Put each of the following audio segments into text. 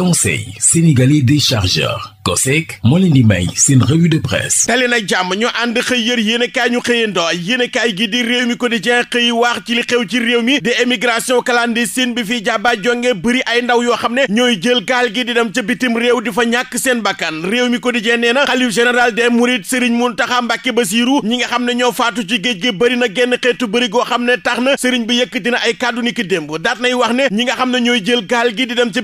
conseil sénégalais des chargeurs COSEC moo leen di may seen revue de presse tali na jàmm ñu ànd xëy yër yéenekaay ñu xëyandoo yéenekaay gi di réew mi quotidien xëy waax ci li xew ci réew mi di émigration clandestine bi fi jàbba jonge bëri ay ndaw yoo xam ne ñooy jël gaal gi di dem ca bitim réew di fa ñàkk seen bakkan réew mi quotidien nee na xalif général des mourides Serigne Mountakha Mbacké Bassirou ñi nga xam ne ñoo faatu ci géej gi bëri na genn xeetu bëri goo xam ne tax na na ay kàddu ni ki démb daat nay wax ne ñi nga xam ne ñooy jël gaal gi di dem ca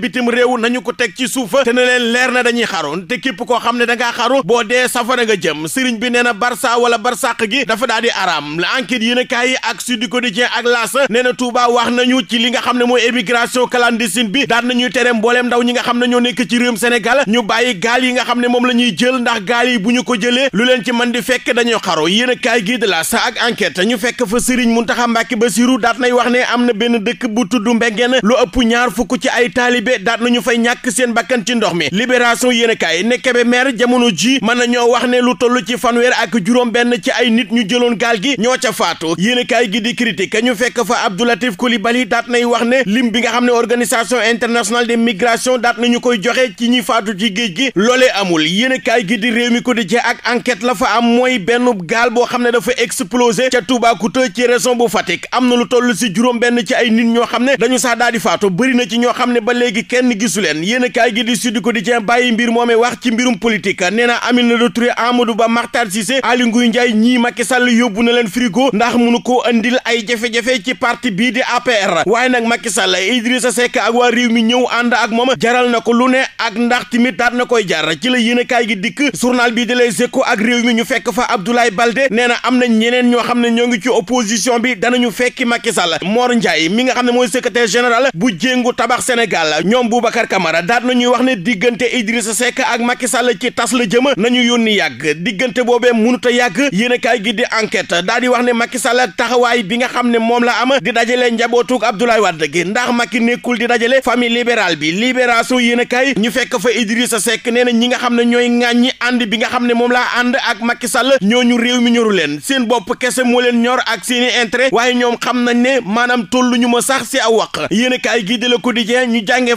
ko teg ci suufa te ne leen leer na dañuy xaru te képp koo xam ne danga xaru boo dee safara nga jëm sëriñ bi nee na barsa wala barsàq gi dafa daal di araam la enquête yéen a kaay yi ak Sud Quotidien ak L'As nee na Touba wax nañu ci li nga xam ne mooy émigration clandestine bi daan nañuy tere mbooleem ndaw ñi nga xam ne ñoo nekk ci réewum Sénégal ñu bàyyi gaal yi nga xam ne moom la ñuy jël ndax gaal yi bu ñu ko jëlee lu leen ci man di fekk dañoo xaru yéen a kaay gi de ak enquête ñu fekk fa sëriñ Muntaxa Mbàkke Basiru daat nay wax ne am na benn dëkk bu tudd Mbengeen lu ëpp ñaar fukk ci ay taalibe daat nañu fay ñàkk ñàkk seen bakkan ci ndox mi libération yéenekaay ne Kébémer jamono ji mën na ñoo wax ne lu toll ci fanweer ak juróom benn ci ay nit ñu jëloon gaal gi ñoo ca faatu yéenekaay gi di critique ñu fekk fa Abdoulatif bali daat nay wax ne lim bi nga xam ne organisation internationale de migrations daat nañu koy joxe ci ñi faatu ci géej gi loole amul yéenekaay gi di réew mi ko di ak enquête la fa am mooy benn gaal boo xam ne dafa explosé ca Toubacouta ci région bu Fatick am na lu toll si juróom benn ci ay nit ñoo xam ne dañu sax di faatu bëri na ci ñoo xam ne ba léegi kenn gisu leen yéen a kaay gi di Sud Quotidien bàyyi mbir moomee wax ci mbirum politique nee na Aminata Touré Amadou Ba Makhtar Cissé Aly Ngouille Ndiaye ñii Macky Sall yóbbu na leen frigo ndax munu ko andil ay jafe-jafe ci parti bii di APR waaye nag Macky Sall Idrissa Seck ak waa réew mi ñëw ànd ak moom jaral na ko lu ne ak ndax timit daat na koy jar ci la yéen kaay gi dikk journal bii di Les Échos ak réew mi ñu fekk fa Abdoulaye Balde nee na am na ñeneen ñoo xam ne ñoo ngi ci opposition bi danañu fekki Macky Sall Mor Ndiaye mi nga xam ne mooy secrétaire général bu jéngu tabax Sénégal ñoom Boubacar Camara Camara daat na ñuy wax ne diggante Idrissa Seck ak Macky Sall ci tas la jëm nañu yónni yàgg diggante boobee mënut yàgg yéenekaay gi di enquête daal di wax ne Macky Sall taxawaay bi nga xam ne moom la am di dajale njabootu Abdoulaye Wade gi ndax Macky nekkul di dajale famille libérale bi libération yéenekaay ñu fekk fa Idrissa Seck nee na ñi nga xam ne ñooy ŋàññi ànd bi nga xam ne moom laa ànd ak Macky Sall ñooñu réew mi ñoru leen seen bopp kese moo leen ñor ak seeni intérêt waaye ñoom xam nañ ne maanaam tolluñu ma sax si aw waq yéenekaay gi di la quotidien ñu jàngee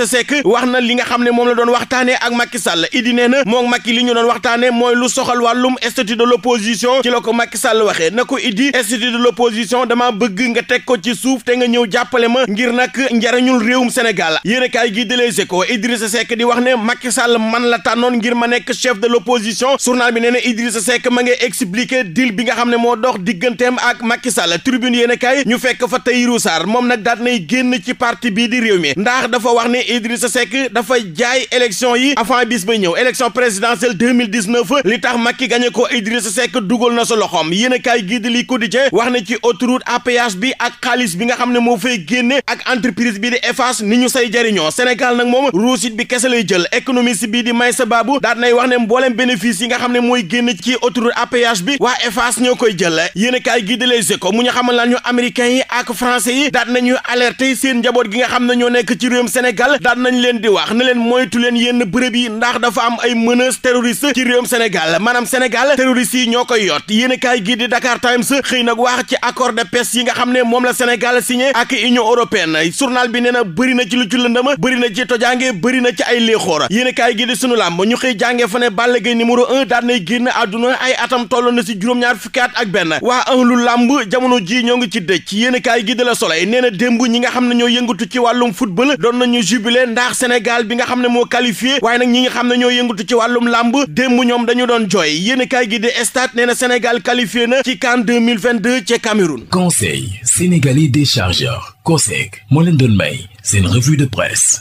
Idrissa Seck wax na li nga xam ne moom la doon waxtaane ak Macky Sall Idi nee na moom Macky li ñu doon waxtaane mooy lu soxal wàllum statut de l'opposition ci la ko Macky Sall waxee na ko Idi statut de l'opposition dama bëgg nga teg ko ci suuf te nga ñëw jàppale ma ngir nag njariñul réewum Sénégal yéen a kaay gi de Les Échos di wax ne Macky Sall man la tànnoon ngir ma nekk chef de l'opposition journal bi nee na Idrissa Seck ma ngay expliquer deal bi nga xam ne moo dox digganteem ak Macky Sall tribune yéen ñu fekk fa Tahirou Sarr moom nag daat nay génn ci parti bii di réew mi ndax dafa wax ne sa Seck dafa jaay élection yi avant bis ba ñëw élection présidentielle 2019 li tax Macky gagné ko Idrissa Seck dugal na sa loxoom yéen a kaay gii di li quotidien wax na ci autoroute à bi ak xaalis bi nga xam ne moo fay génne ak entreprise bi di Eiffage ni ñu say jariñoo Sénégal nag moom ruusit bi kese lay jël économiste bi di Meissa Babou daat nay wax ne mbooleem bénéfice yi nga xam ne mooy génn ci autoroute à péage bi waa Eiffage ñoo koy jël yéen a kaay gii di Les Échos mu ñu xamal laan ñu américains yi ak français yi daat nañu alerter seen njaboot gi nga xam ne ñoo nekk ci réewum Sénégal daan nañ leen di wax ne leen moytu leen yenn bërëb yi ndax dafa am ay menaces terroristes ci réewum Sénégal maanaam Sénégal terroristes yi ñoo koy yott yéen a kaay gii di Dakar Times xëy nag wax ci accord de paix yi nga xam ne moom la Sénégal signé ak Union européenne journal bi ne na bëri na ci lu ci lëndëm bëri na ci tojange bëri na ci ay léexoor yéen a kaay gii di sunu làmb ñu xëy jàngee fa ne Balla Gaye numéro un daan génn àdduna ay atam toll na si juróom-ñaar fukki ak benn waa ahlu làmb jamono ji ñoo ngi ci dëj yéen a kaay di la Soleil nee na démb ñi nga xam ne ñoo yëngatu ci wàllum football doon nañu jubile leen ndax Sénégal bi nga xam ne moo qualifié waaye nag ñi nga xam ne ñoo yëngatu ci wàllum làmb démb ñoom dañu doon jooy yéen kaay gi de stade nee na Sénégal qualifié na ci CAN 2022 ca Cameroun. Conseil sénégalais des chargeurs COSEC moo leen doon may seen revue de presse.